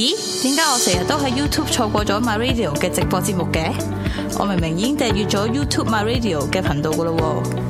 咦？點解我成日都喺 YouTube 錯過咗 MyRadio 嘅直播節目嘅？我明明已經訂閲咗 YouTube MyRadio 嘅頻道㗎喇喎。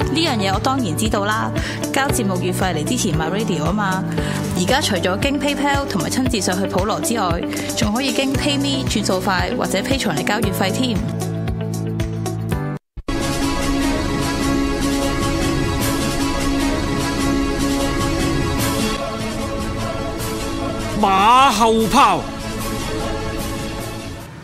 呢樣嘢我當然知道啦，交節目月費嚟支持 MyRadio 啊嘛，而家除咗經 PayPal 同埋親自上去普羅之外，仲可以經 PayMe 轉數快或者 Patreon 嚟交月費添。馬後炮。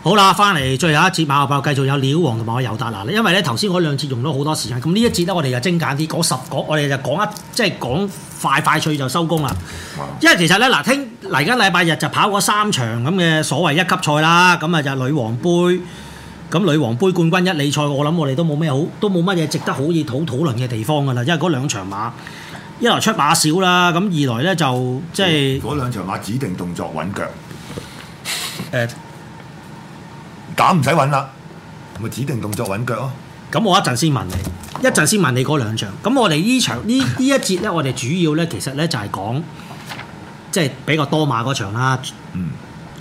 好啦，翻嚟最後一節馬後炮，繼續有了王同埋有達娜。因為咧頭先嗰兩節用咗好多時間，咁呢一節咧我哋就精簡啲，講十個，我哋就講一，即係講快快脆就收工啦。哇因為其實咧嗱，聽嚟緊禮拜日就跑嗰三場咁嘅所謂一級賽啦，咁啊就女王杯，咁女王杯冠軍一理賽，我諗我哋都冇咩好，都冇乜嘢值得好以討討論嘅地方噶啦。因為嗰兩場馬，一來出馬少啦，咁二來咧就即係嗰兩場馬指定動作穩腳，誒、呃。咁唔使揾啦，咪指定動作揾腳哦。咁我一陣先問你，一陣先問你嗰兩場。咁我哋呢場呢呢 一節咧，我哋主要咧其實咧就係講，即係比較多馬嗰場啦。嗯，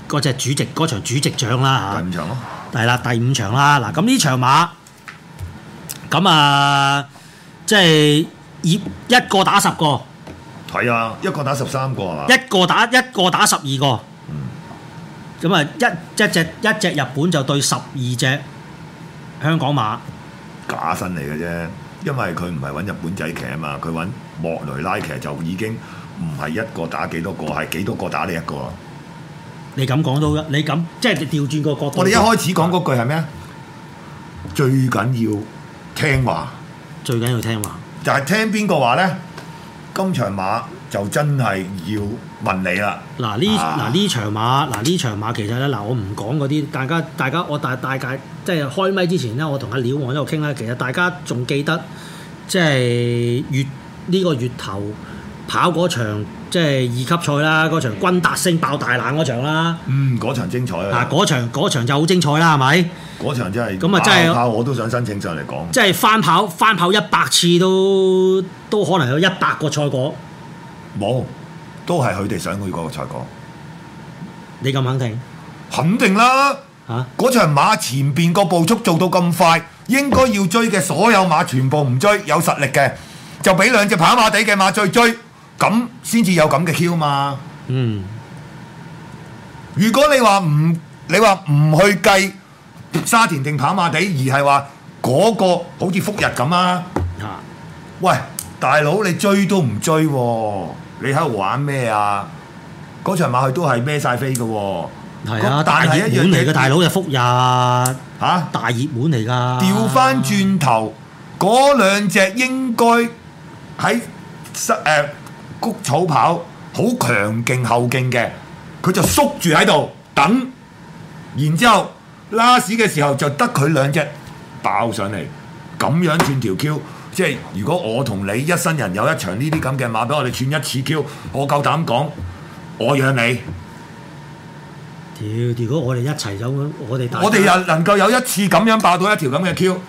嗰隻主席嗰場主席獎啦嚇。第五場咯。係啦，第五場啦。嗱，咁呢場馬，咁啊，即係一一個打十個。係啊，一個打十三個啊。一個打一個打十二個。咁啊一一隻一隻日本就對十二隻香港馬假身嚟嘅啫，因為佢唔係揾日本仔騎啊嘛，佢揾莫雷拉騎就已經唔係一個打幾多個，係幾多個打你一個。你咁講都得，你咁即係調轉個角度。我哋一開始講嗰句係咩？嗯、最緊要聽話，最緊要聽話，就係聽邊個話咧？今場馬，就真係要問你啦！嗱，呢嗱，呢場馬，嗱呢場馬其實咧，嗱我唔講嗰啲，大家大家我大大概，即係開咪之前咧我同阿、啊、料王喺度傾啦，其實大家仲記得即係月呢、呢個月頭跑嗰場即係二級賽啦，嗰場軍達星爆大冷嗰場啦，嗯，嗰場精彩啊，嗰場嗰場就好精彩啦係咪？嗰場真係咁啊，真係，我都想申請上嚟講。即係翻跑翻跑一百次都都可能有一百個賽果。冇，都係佢哋想去嗰個賽果。你咁肯定？肯定啦嚇！嗰、啊、場馬前邊個步速做到咁快，應該要追嘅所有馬全部唔追，有實力嘅就俾兩隻跑馬地嘅馬再追，追，咁先至有咁嘅竅嘛。嗯。如果你話唔你話唔去計沙田定跑馬地，而係話嗰個好似福日咁啊嚇！啊喂，大佬你追都唔追喎、啊！你喺度玩咩啊？嗰場馬去都係孭晒飛嘅喎。係啊，啊但一大熱門嚟嘅大佬就復日嚇，啊、大熱門嚟噶。調翻轉頭，嗰兩隻應該喺誒谷草跑，好強勁後勁嘅，佢就縮住喺度等。然之後拉屎嘅時候，就得佢兩隻爆上嚟，咁樣轉條 Q。即係，如果我同你一生人有一場呢啲咁嘅馬俾我哋串一次 Q，我夠膽講，我養你。屌！如果我哋一齊走，我哋我哋又能夠有一次咁樣爆到一條咁嘅 Q，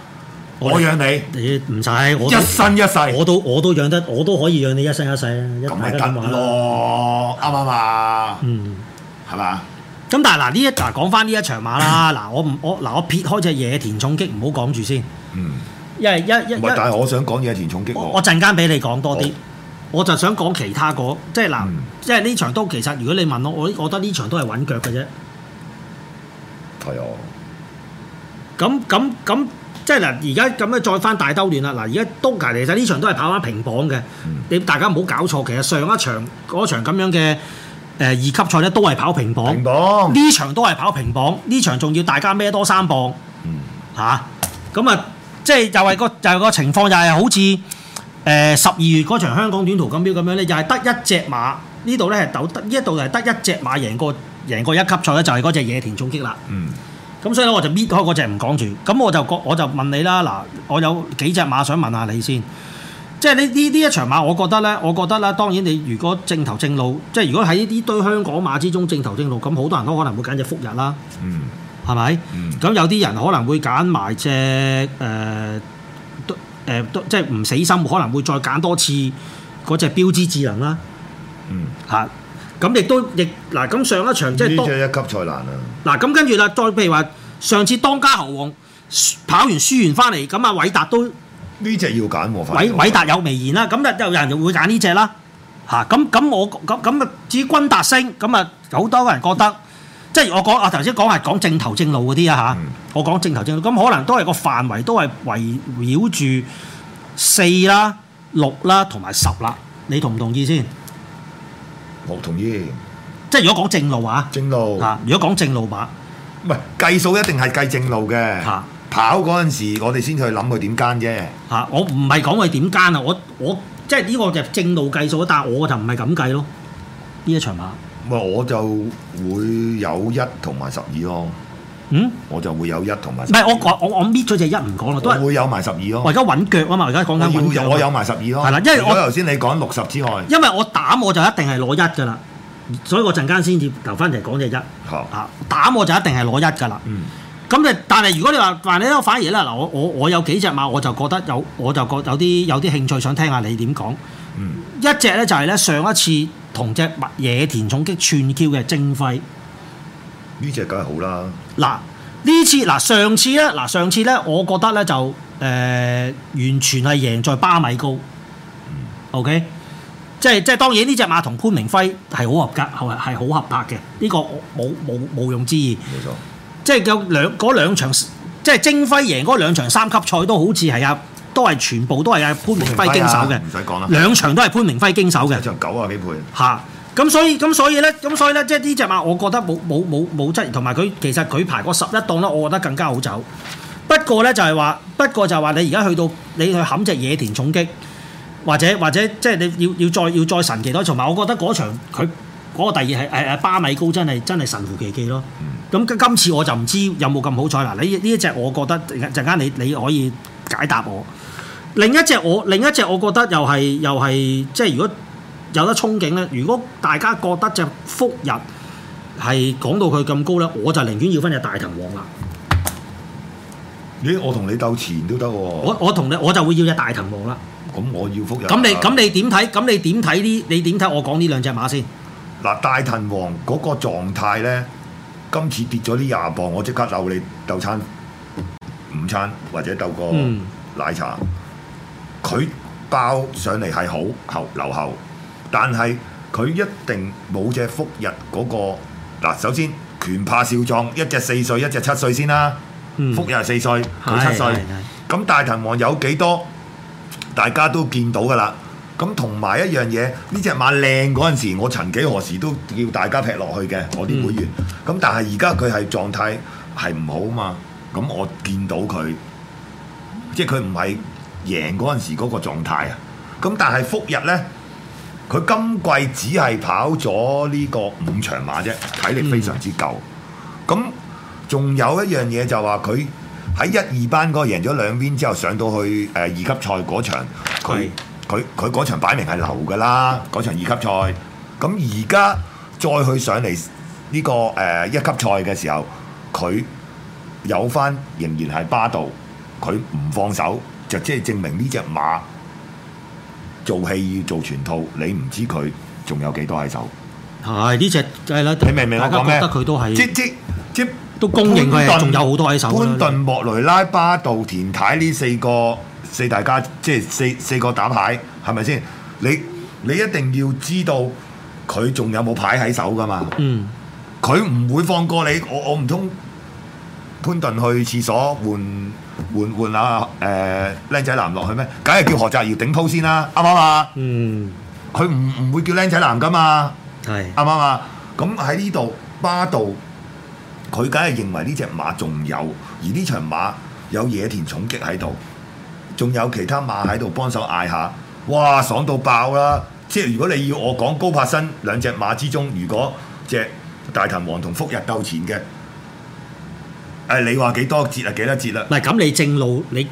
我養你。唔使，我一生一世，我都我都養得，我都可以養你一生一世啊！咁咪得咯，啱唔啱啊？嗯，係嘛？咁但係嗱，呢一嗱講翻呢一場馬啦，嗱我唔我嗱我，我撇開隻野田重擊唔好講住先。嗯。一係一一唔係，但係我想講嘢係填重擊我，我。我陣間俾你講多啲，oh. 我就想講其他嗰即係嗱，即係呢、嗯、場都其實如果你問我，我我覺得呢場都係穩腳嘅啫。係啊、哎呦，咁咁咁，即係嗱，而家咁樣再翻大兜亂啦。嗱，而家都其實呢場都係跑翻平磅嘅。嗯、你大家唔好搞錯，其實上一場嗰場咁樣嘅誒二級賽咧，都係跑平磅。呢榜場都係跑平磅，呢場仲要大家孭多三磅。吓、嗯？嚇！咁啊～即係又係個又係個情況就，就係好似誒十二月嗰場香港短途錦標咁樣咧，又係得一隻馬呢度咧，係得呢一度係得一隻馬贏過贏過一級賽咧，就係嗰隻野田重擊啦。嗯，咁所以咧，我就搣開嗰隻唔講住，咁我就我我就問你啦，嗱，我有幾隻馬想問下你先？即係呢呢呢一場馬我，我覺得咧，我覺得咧，當然你如果正頭正路，即係如果喺呢堆香港馬之中正頭正路，咁好多人都可能會揀隻福日啦。嗯。係咪？咁 有啲人可能會揀埋隻誒，誒、呃 eh, 呃呃，即係唔死心，可能會再揀多次嗰隻標誌智能啦。嗯，嚇，咁亦都亦嗱，咁上一場即係多一級賽難啊。嗱、啊，咁跟住啦，再譬如話上次當家猴王跑完輸完翻嚟，咁阿偉達都呢隻要揀喎。偉偉達有微言啦，咁日有人就會揀呢隻啦。嚇，咁咁我咁咁啊，之、啊、君達星，咁啊，好多個人覺得。即係我講，我頭先講係講正頭正路嗰啲啊吓，嗯、我講正頭正路，咁可能都係個範圍，都係圍繞住四啦、六啦同埋十啦，你同唔同意先？我同意。即係如果講正路啊，正路啊，如果講正路話，唔係計數一定係計正路嘅。吓、啊，跑嗰陣時，我哋先去諗佢點奸啫。吓，我唔係講佢點奸啊，我我，我即係呢個就係正路計數，但係我就唔係咁計咯。呢一場馬。我就會有一同埋十二咯。嗯，我就會有一同埋。唔係我講，我我搣咗隻一唔講啦，都係。我會有埋十二咯。我而家揾腳啊嘛，而家講緊揾腳。我有埋十二咯。係啦，因為我頭先你講六十之外。因為我打我就一定係攞一㗎啦，所以我陣間先至留翻嚟講隻一。嚇！打我就一定係攞一㗎啦。咁誒、嗯，但係如果你話嗱，你我反而咧嗱，我我我有幾隻馬，我就覺得有，我就覺有啲有啲興趣，想聽下你點講。嗯、一隻咧就係咧上一次。同隻野田重擊串 Q 嘅征輝，呢隻梗係好啦。嗱呢次嗱上次咧嗱上次咧，我覺得咧就誒、呃、完全係贏在巴米高。OK，即係即係當然呢隻馬同潘明輝係好合格，係係好合拍嘅。呢、呢個冇冇冇用之意，冇錯，即係有兩嗰兩場，即係征輝贏嗰兩場三級賽都好似係啊。都係全部都係阿潘明輝經手嘅，唔使講啦。兩場都係潘明輝經手嘅，即九啊幾倍嚇。咁所以咁所以咧，咁所以咧，即係呢隻馬，我覺得冇冇冇冇質疑，同埋佢其實佢排個十一檔咧，我覺得更加好走。不過咧就係話，不過就話你而家去到你去冚隻野田重擊，或者或者即係你要要再要再神奇多，同埋我覺得嗰場佢嗰、嗰個第二係誒誒巴米高真係真係神乎其技咯。咁今、嗯、次我就唔知有冇咁好彩啦。你呢一隻我覺得陣間你你，你可以解答我。另一隻我另一隻，我覺得又係又係，即係如果有得憧憬咧。如果大家覺得隻福日係講到佢咁高咧，我就寧願要返隻大騰王啦。咦、欸？我同你鬥錢都得喎。我我同你我就會要隻大騰王啦。咁我要福日、啊。咁你咁你點睇？咁你點睇呢？你點睇我講呢兩隻馬先？嗱，大騰王嗰個狀態咧，今次跌咗呢廿磅，我即刻鬥你鬥餐午餐或者鬥個奶茶。嗯佢爆上嚟係好後流後，但係佢一定冇隻福日嗰個嗱。首先，拳怕少壯，一隻四歲，一隻七歲先啦。嗯、福日係四歲，佢七歲。咁大藤王有幾多？大家都見到噶啦。咁同埋一樣嘢，呢隻馬靚嗰陣時，我曾幾何時都叫大家劈落去嘅，我啲會員。咁、嗯、但係而家佢係狀態係唔好嘛？咁我見到佢，即係佢唔係。贏嗰陣時嗰個狀態啊，咁但係復日呢，佢今季只係跑咗呢個五場馬啫，體力非常之夠。咁仲、嗯、有一樣嘢就話佢喺一二班嗰贏咗兩 w 之後，上到去誒、呃、二級賽嗰場，佢佢佢嗰場擺明係流噶啦，嗰場二級賽。咁而家再去上嚟呢、這個誒、呃、一級賽嘅時候，佢有翻仍然係巴道，佢唔放手，就即係證明呢隻馬做戲要做全套，你唔知佢仲有幾多喺手。係呢隻係啦，你明唔明我講咩？大家覺得佢都係即即即都公認佢仲潘頓、潘頓、有好多喺手。潘頓、莫雷拉、巴道、田太呢四個四大家，即係四四個打牌，係咪先？你你一定要知道佢仲有冇牌喺手㗎嘛？嗯，佢唔會放過你。我我唔通潘頓去廁所換？換換，啊，誒，靚仔男落去咩？梗係叫何澤耀頂鋪先啦，啊，啱唔啱啊？嗯，係，佢唔唔會叫靚仔男噶嘛？係啱啱啊？咁喺呢度巴道，佢梗係認為呢隻馬仲有，而呢場馬有野田重擊喺度，仲有其他馬喺度幫手嗌下，哇爽到爆啦！即係如果你要我講高柏新兩隻馬之中，如果隻大騰王同福日鬥前嘅。誒，你話幾多節啊？幾多節啦？唔係咁，你正路你，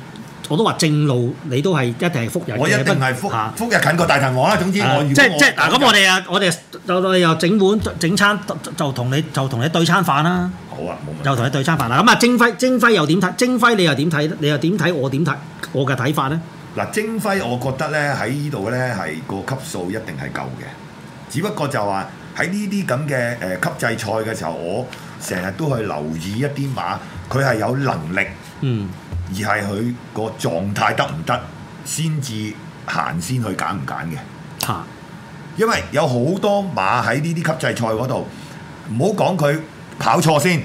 我都話正路，你都係一定係複日。我一定係複複日近過大鵬我啦。總之我即即嗱，咁我哋啊，如果 即我哋又又整碗整餐，就同你就同你對餐飯啦。好啊，冇問題。就同你對餐飯啦。咁啊，精輝，精輝又點睇？精輝你又點睇？你又點睇？我點睇？我嘅睇法咧？嗱，精輝，我覺得咧喺呢度咧係個級數一定係夠嘅，只不過就話喺呢啲咁嘅誒級制賽嘅時候我。呃嗯成日都去留意一啲馬，佢係有能力，嗯，而係佢個狀態得唔得，先至行先去揀唔揀嘅。嚇！啊、因為有好多馬喺呢啲級制賽嗰度，唔好講佢跑錯先，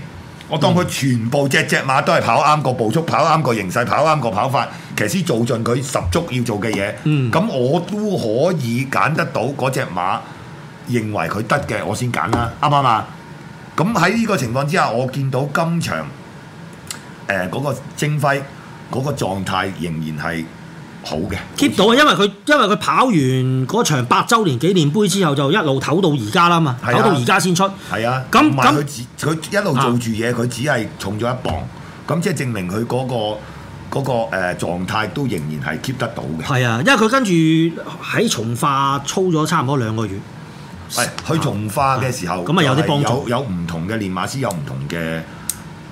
我當佢全部隻隻馬都係跑啱個步速，跑啱個形勢，跑啱個跑法，其實做盡佢十足要做嘅嘢，嗯，咁我都可以揀得到嗰隻馬，認為佢得嘅，我先揀啦，啱唔啱啊？咁喺呢個情況之下，我見到今場誒嗰、呃嗰個精輝嗰個狀態仍然係好嘅，keep 到啊！因為佢因為佢跑完嗰場八週年紀念杯之後，就一路唞到而家啦嘛，唞、啊、到而家先出。係啊，咁咁佢一路做住嘢，佢、啊、只係重咗一磅，咁即係證明佢嗰、嗰個嗰、嗰個誒、嗰個、狀態都仍然係 keep 得到嘅。係啊，因為佢跟住喺從化操咗差唔多兩個月。去從化嘅時候咁啊，有啲幫助，有唔同嘅練馬師有唔同嘅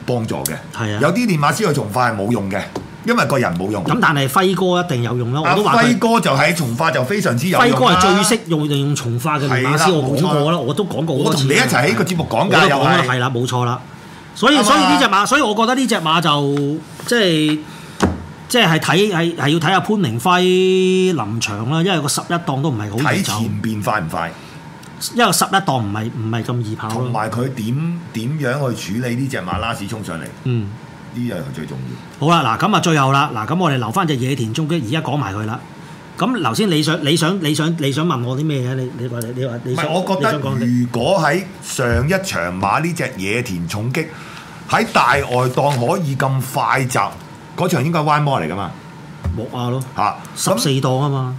幫助嘅。係啊，有啲練馬師去從化係冇用嘅，因為個人冇用。咁但係輝哥一定有用啦。阿輝哥就喺從化就非常之有用啦。輝哥係最識用用從化嘅練馬師，我冇錯啦，我都講過好多次。我同你一齊喺個節目講㗎，係啦，冇錯啦。所以所以呢隻馬，所以我覺得呢隻馬就即係即係睇係係要睇下潘明輝臨場啦，因為個十一檔都唔係好睇前邊快唔快。因為十一檔唔係唔係咁易跑，同埋佢點點樣去處理呢隻馬拉屎衝上嚟？嗯，呢樣係最重要。好啦，嗱咁啊，最後啦，嗱咁我哋留翻隻野田衝擊，而家講埋佢啦。咁頭先你想你想你想，你想，你，想你想問我啲咩嘅？你你話你話你想？唔係，我覺得如果喺上一場馬呢隻野田衝擊喺大外檔可以咁快閘，嗰場應該係彎摩嚟㗎嘛，木亞咯嚇十四檔啊嘛，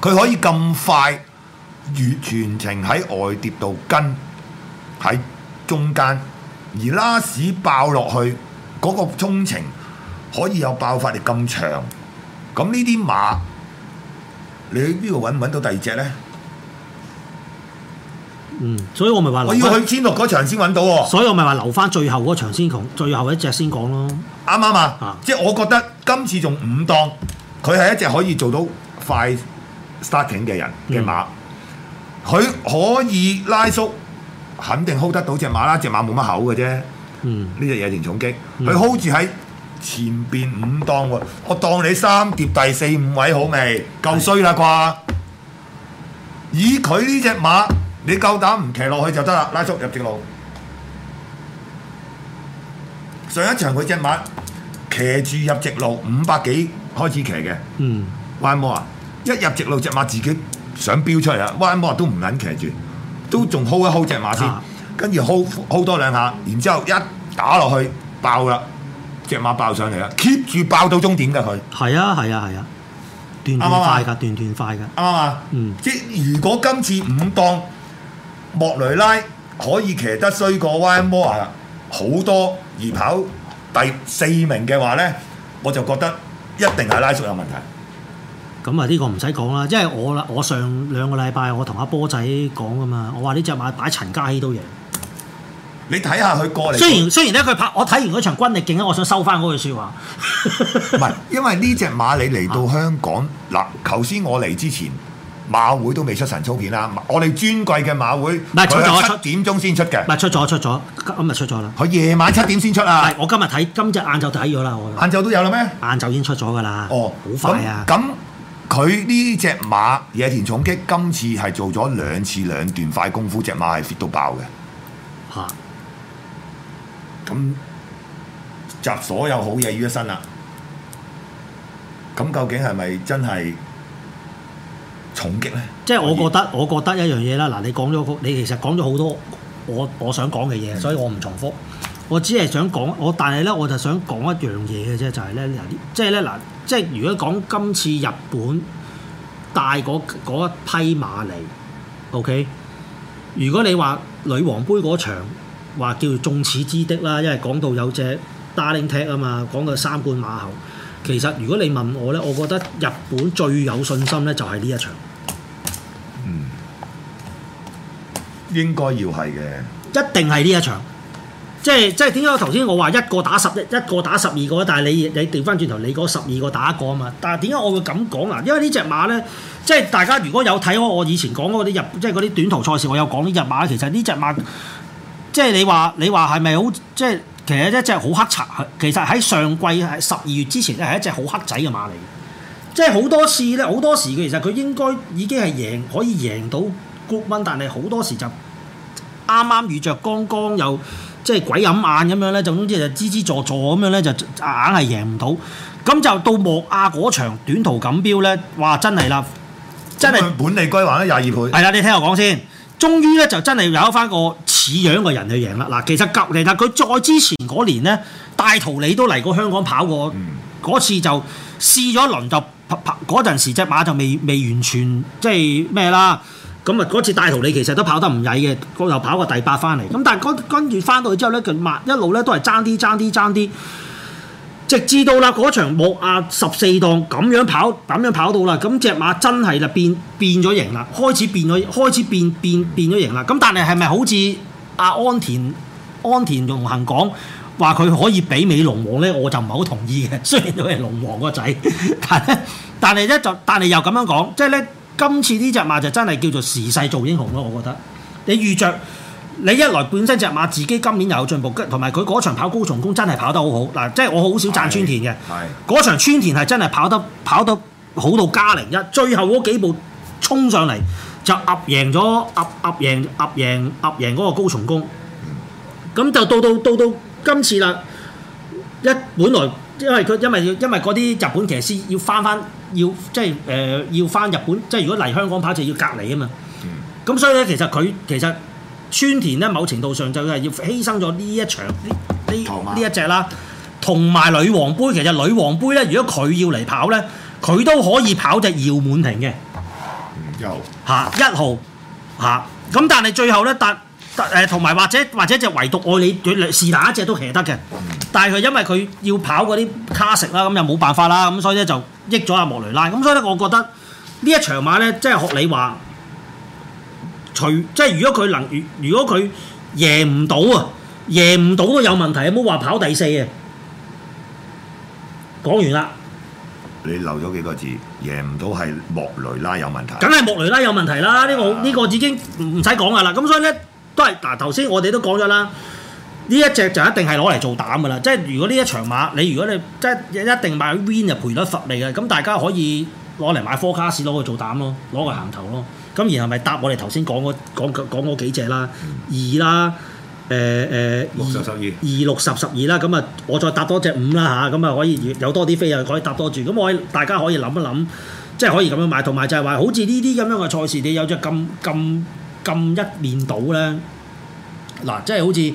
佢可以咁快。越全程喺外碟度跟喺中間，而拉屎爆落去嗰、那個沖程可以有爆發力咁長，咁呢啲馬你喺邊度揾唔揾到第二隻咧？嗯，所以我咪話我要去千六嗰場先揾到喎、啊。所以我咪話留翻最後嗰場先講，最後一隻先講咯。啱唔啱啊？吧啊，即係我覺得今次仲五檔佢係一隻可以做到快 starting 嘅人嘅、嗯、馬。佢可以拉縮，肯定 hold 得到隻馬啦！隻馬冇乜口嘅啫，呢隻嘢重擊，佢、嗯、hold 住喺前邊五檔喎。我當你三碟第四五位好未？夠衰啦啩！以佢呢隻馬，你夠膽唔騎落去就得啦！拉縮入直路，上一場佢隻馬騎住入直路五百幾開始騎嘅，彎波、嗯、啊！一入直路隻馬自己。想飚出嚟啦，彎摩都唔撚騎住，都仲 hold 一 hold 隻馬先，跟住、啊、hold hold 多兩下，然之後一打落去爆啦，隻馬爆上嚟啦，keep 住爆到終點嘅佢，係啊係啊係啊，斷斷、啊啊啊、快㗎，斷斷、啊、快㗎，啱啊嗯，即係如果今次五檔莫雷拉可以騎得衰過彎摩啊好多而跑第四名嘅話咧，我就覺得一定係拉叔有問題。咁啊，呢個唔使講啦，即係我啦，我上兩個禮拜我同阿波仔講噶嘛，我話呢隻馬擺陳家希都贏。你睇下佢過嚟。雖然雖然咧，佢拍我睇完嗰場軍力勁啊，我想收翻嗰句説話。唔係，因為呢隻馬你嚟到香港嗱，頭先，啊，我嚟之前馬會都未出神操片啦，我哋尊貴嘅馬會。唔係咗，七點鐘先出嘅。唔係，出咗，出咗，今日出咗啦。佢夜晚七點先出啊。係，我今日睇，今隻晏晝睇咗啦。晏晝都有啦咩？晏晝已經出咗㗎啦。哦，好快啊。咁佢呢隻馬野田重擊今次係做咗兩次兩段快功夫，隻馬係 fit 到爆嘅。嚇、啊！咁集所有好嘢於一身啦。咁究竟係咪真係重擊咧？即係我，以我覺得，我覺得一樣嘢啦。嗱，你講咗好多，你其實講咗好多我我想講嘅嘢，所以我唔重複。的我只係想講，我但係咧，我就想講一樣嘢嘅啫，就係、是、咧、就是，即係咧嗱。即係如果講今次日本帶嗰嗰一批馬嚟，OK？如果你話女王杯嗰場話叫做「眾矢之的」啦，因為講到有隻 Daring Tact，啊嘛，講到三冠馬后，其實如果你問我咧，我覺得日本最有信心咧就係呢一場。嗯，應該要係嘅。一定係呢一場。即係即係點解我頭先我話一個打十，一一個打十二個？但係你你調翻轉頭，你嗰十二個打一個啊嘛？但係點解我會咁講啊？因為隻呢隻馬咧，即係大家如果有睇開我以前講嗰啲日，即係嗰啲短途賽事，我有講呢隻馬。其實呢隻馬，即係你話你話係咪好？即係其實一隻好黑柴。其實喺上季喺十二月之前咧，係一隻好黑仔嘅馬嚟。即係好多次咧，好多時佢其實佢應該已經係贏，可以贏到谷蚊，但係好多時就啱啱遇着剛剛江江有。即係鬼掩眼咁樣咧，總之就支支助助咁樣咧，就硬係贏唔到。咁就到莫亞嗰場短途錦標咧，哇！真係啦，真係本利歸還啦，廿二倍。係啦，你聽我講先。終於咧就真係有翻個似樣嘅人去贏啦。嗱，其實隔離啦，佢再之前嗰年咧，大圖你都嚟過香港跑過，嗰、嗯、次就試咗一輪就嗰陣時隻馬就未未完全即係咩啦。咁啊，嗰次大途你其實都跑得唔曳嘅，我又跑個第八翻嚟。咁但係跟住翻到去之後咧，佢馬一路咧都係爭啲爭啲爭啲，直至到啦嗰場莫亞十四檔咁樣跑，咁樣跑到啦，咁隻馬真係就變變咗形啦，開始變咗，開始變變變咗形啦。咁但係係咪好似阿安田安田隆行講話佢可以媲美龍王咧？我就唔係好同意嘅。雖然佢係龍王個仔，但係但係咧就但係又咁樣講，即係咧。今次呢隻馬就真係叫做時勢造英雄咯，我覺得你預着你一來本身隻馬自己今年又有進步，同埋佢嗰場跑高松宮真係跑，跑，跑得好好嗱，即係我好少讚川田嘅，嗰場川田係真係跑得跑得好到加零一，最後嗰幾步衝上嚟就壓贏咗壓壓贏壓贏壓贏嗰個高松宮，咁就到到到到今次啦，一本來。因為佢因為因為嗰啲日本騎師要返返要即係誒、呃、要返日本，即係如果嚟香港跑就要隔離啊嘛。咁、嗯、所以咧，其實佢其實川田咧，某程度上就係要犧牲咗呢一場呢呢呢一隻啦。同埋女王杯，其實女王杯咧，如果佢要嚟跑咧，佢都可以跑隻耀滿庭嘅。嗯有，又、啊、一號嚇咁、啊，但係最後咧，但誒同埋或者或者只唯獨愛你，佢是但一隻都騎得嘅。但係佢因為佢要跑嗰啲卡食啦，咁又冇辦法啦，咁所以咧就益咗阿莫雷拉。咁所以咧，我覺得呢一場馬咧，即係學你話，除即係如果佢能，如果佢贏唔到啊，贏唔到都有問題。唔好話跑第四啊！講完啦。你漏咗幾個字？贏唔到係莫雷拉有問題。梗係莫雷拉有問題啦！呢、啊呢個呢、呢個已經唔使講啊啦。咁所以咧。都係嗱，頭先我哋都講咗啦，呢一隻就一定係攞嚟做膽噶啦，即係如果呢一場馬你如果你即係一定買 win 就賠率伏你嘅，咁大家可以攞嚟買 Forecast 攞去做膽咯，攞個行頭咯，咁然後咪搭我哋頭先講嗰講講嗰幾隻啦，二啦，誒、呃、誒二，六十十二，二六十十二啦，咁啊我再搭多隻五啦吓，咁啊可以有多啲飛啊，可以搭多注。咁我大家可以諗一諗，即係可以咁樣買，同埋就係話好似呢啲咁樣嘅賽事，你有隻咁咁。咁 Five West 一面倒咧，嗱，即係好似誒、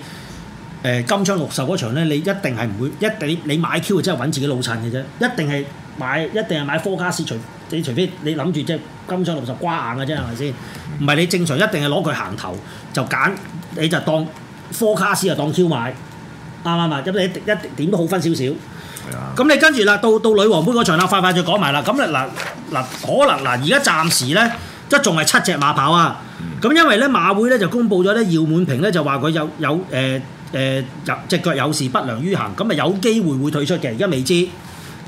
欸、金槍六十嗰場咧，你一定係唔會一定你買 Q 嘅，即係揾自己老襯嘅啫。一定係買，一定係買科卡斯，除你，除非你諗住即係金槍六十瓜硬嘅啫，係咪先？唔係你正常一定係攞佢行頭，就揀你就當科卡斯就當 Q 買。啱啱啊？因為一一點都好分少少。係啊。咁你跟住啦，到到女王杯嗰場啦，one，快快就講埋啦。咁你嗱嗱可能嗱，而家暫時咧。即仲係七隻馬跑啊！咁、嗯、因為咧馬會咧就公佈咗咧，姚滿平咧就話佢有有誒誒隻腳有事不良於行，咁咪有機會會退出嘅，而家未知。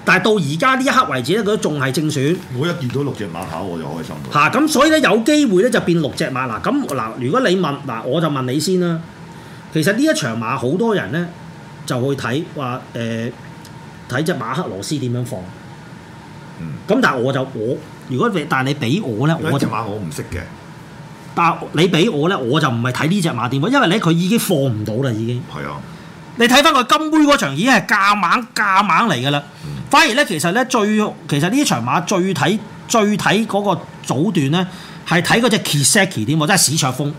但係到而家呢一刻為止咧，佢都仲係正選。我一見到六隻馬跑我就開心啦。咁、啊、所以咧有機會咧就變六隻馬嗱。咁嗱，如果你問嗱，我就問你先啦。其實呢一場馬好多人咧就會睇話誒睇隻馬克羅斯點樣放。咁、嗯、但係我就我。我如果但你但係你俾我咧，我一隻馬我唔識嘅。但係你俾我咧，我就唔係睇呢隻馬點，因為咧佢已經放唔到啦，已經。係啊！ 你睇翻個金杯嗰場，已經係駕猛駕猛嚟噶啦。嗯、反而咧，其實咧最其實呢場馬最睇最睇嗰個組段咧，係睇嗰隻 Kisaki 點喎，真係史卓風。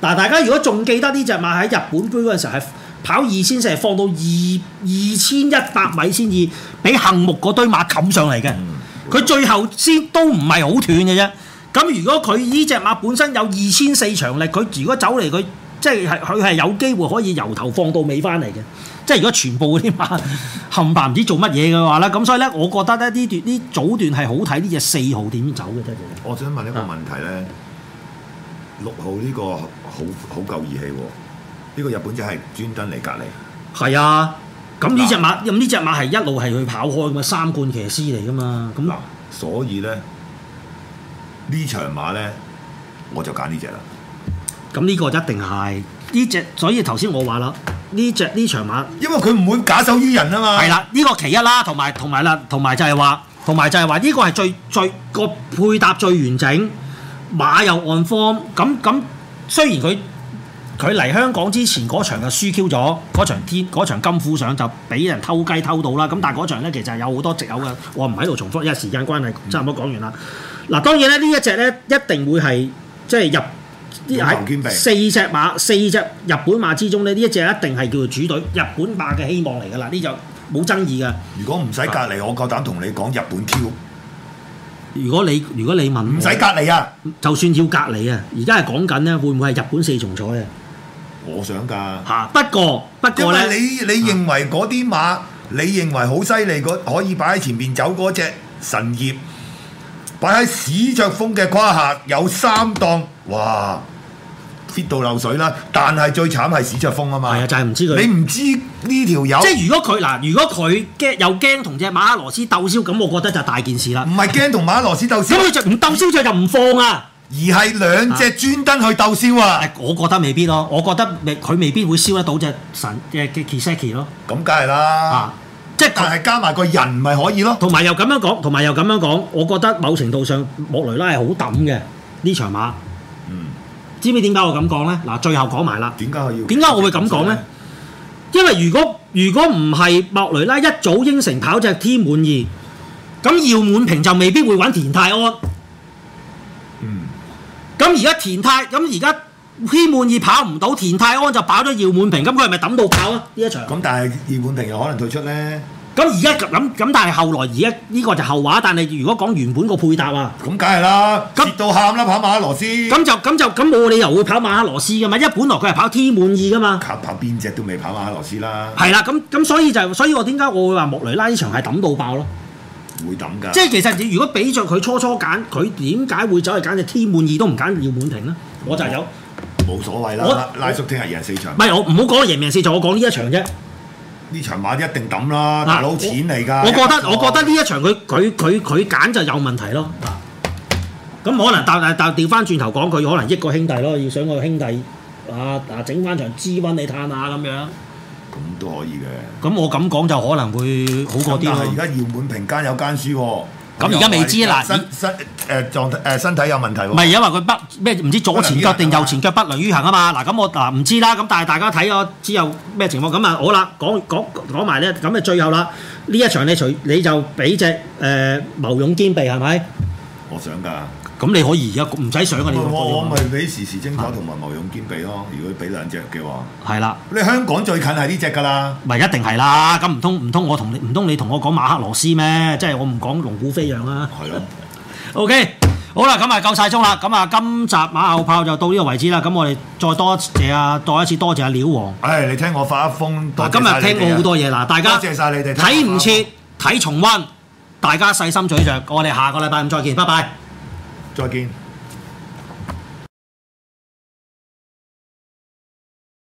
嗱，大家如果仲記得呢隻馬喺日本杯嗰陣時係跑二千四，放到二二千一百米先至俾幸目嗰堆馬冚上嚟嘅。嗯佢最後先都唔係好斷嘅啫。咁如果佢呢隻馬本身有二千四長力，佢如果走嚟，佢即係係佢係有機會可以由頭放到尾翻嚟嘅。即係如果全部嗰啲馬冚唪唥唔知做乜嘢嘅話咧，咁所以咧，我覺得咧呢段呢早段係好睇呢隻四號點走嘅啫。我想問一個問題咧，六、啊、號呢個好好夠義氣喎，呢、呢個日本仔係專登嚟隔離。係啊。咁呢隻馬，咁呢隻馬係一路係去跑開噶嘛，三冠騎師嚟噶嘛，咁。嗱，所以咧，呢場馬咧，我就揀呢隻啦。咁呢個一定係呢隻，所以頭先我話啦，呢隻呢場馬，因為佢唔會假手於人啊嘛。係啦，呢個其一啦，同埋同埋啦，同埋就係話，同埋就係話呢個係最最個配搭最完整，馬又 on form，咁咁雖然佢。佢嚟香港之前嗰場就輸 Q 咗，嗰場天嗰場金庫相就俾人偷雞偷到啦。咁但係嗰場咧其實有好多藉口嘅，我唔喺度重複，因為時間關係差唔多講完啦。嗱，當然咧呢一隻咧一定會係即係入四隻馬四隻日本馬之中呢，呢一隻一定係叫做主隊日本馬嘅希望嚟㗎啦。呢隻冇爭議㗎。如果唔使隔離，我夠膽同你講日本 Q。如果你如果你問唔使隔離啊，就算要隔離啊，而家係講緊咧會唔會係日本四重彩啊？我想噶、啊，不過不過咧，因為你你認為嗰啲馬，你認為好犀利可以擺喺前面走嗰隻神業，擺喺史卓峰嘅胯下有三檔，哇 fit 到流水啦！但係最慘係史卓峰啊嘛，係啊，就係、是、唔知佢。你唔知呢條友，即係如果佢嗱，如果佢驚又驚同隻馬克羅斯鬥燒，咁我覺得就大件事啦。唔係驚同馬克羅斯鬥燒，咁佢就唔鬥燒，就唔放啊！而係兩隻專登去鬥燒啊，啊！我覺得未必咯，我覺得佢未必會燒得到隻神嘅嘅 Kiseki 咯。咁梗係啦，啊、即係是但係加埋個人咪可以咯。同埋又咁樣講，同埋又咁樣講，我覺得某程度上莫雷拉係好抌嘅呢場馬。嗯、知唔知點解我咁講咧？嗱，最後講埋啦。點解我要？點解我會咁講咧？呢因為如果如果唔係莫雷拉一早應承跑隻 T 滿二，咁要滿平就未必會揾田泰安。咁而家田泰，咁而家天滿意跑唔到，田泰安就跑咗姚滿平，咁佢係咪抌到爆啊？呢一場？咁但係姚滿平又可能退出咧。咁而家咁咁，但係後來而家呢個就後話。但係如果講原本個配搭啊，咁梗係啦，急那到喊啦，跑馬克羅斯。咁就咁就咁冇理由會跑馬克羅斯嘅嘛，因為本來佢係跑天滿意嘅嘛。跑跑邊隻都未跑馬克羅斯啦。係啦，咁咁所以就所以我點解我會話莫雷拉呢場係抌到爆咯？會揼噶，即係其實你如果比着佢初初揀，佢點解會走去揀隻天滿意都唔揀廖滿庭咧？我就係走，冇所謂啦。我拉叔聽日贏四場，唔係我唔好講贏唔贏四場，我講呢一場啫。呢場馬一定揼啦，大佬我錢嚟㗎。我覺得我覺得呢一場佢佢佢佢揀就有問題咯。啊，咁可能但但但調翻轉頭講，佢可能益個兄弟咯，要想個兄弟啊啊整翻場資幫你攤下咁樣。咁都可以嘅。咁我咁講就可能會好過啲咯。但係而家姚滿平間有間輸，咁而家未知啊。嗱身，身身誒狀態誒身體有問題喎。唔係，因為佢不咩唔知左前腳定右前腳不良於行啊嘛。嗱，咁我嗱唔知啦。咁但係大家睇咗之後咩情況，咁啊好啦，講講講埋咧，咁啊最後啦，呢一場你除你就俾隻誒謀勇兼備係咪？是是我想㗎。咁你可、啊、你可以而家唔使上想嘅，我咪俾時時精準同埋謀勇兼備咯、啊。如果俾兩隻嘅話，係啦、啊。你香港最近係呢隻噶啦，咪一定係啦。咁唔通唔通我同你唔通你同我講馬克羅斯咩？即係我唔講龍虎飛揚啦、啊。係咯、啊。 OK，好啦，咁啊夠晒鐘啦。咁啊，今集馬後炮就到呢個為止啦。咁我哋再多謝啊，多一次多謝阿料王。唉、哎，你聽我發噏風。今日聽過好多嘢嗱，大家多謝晒，你哋睇唔切睇重溫，大家細心咀嚼。我哋下個禮拜五再見，拜拜。再見。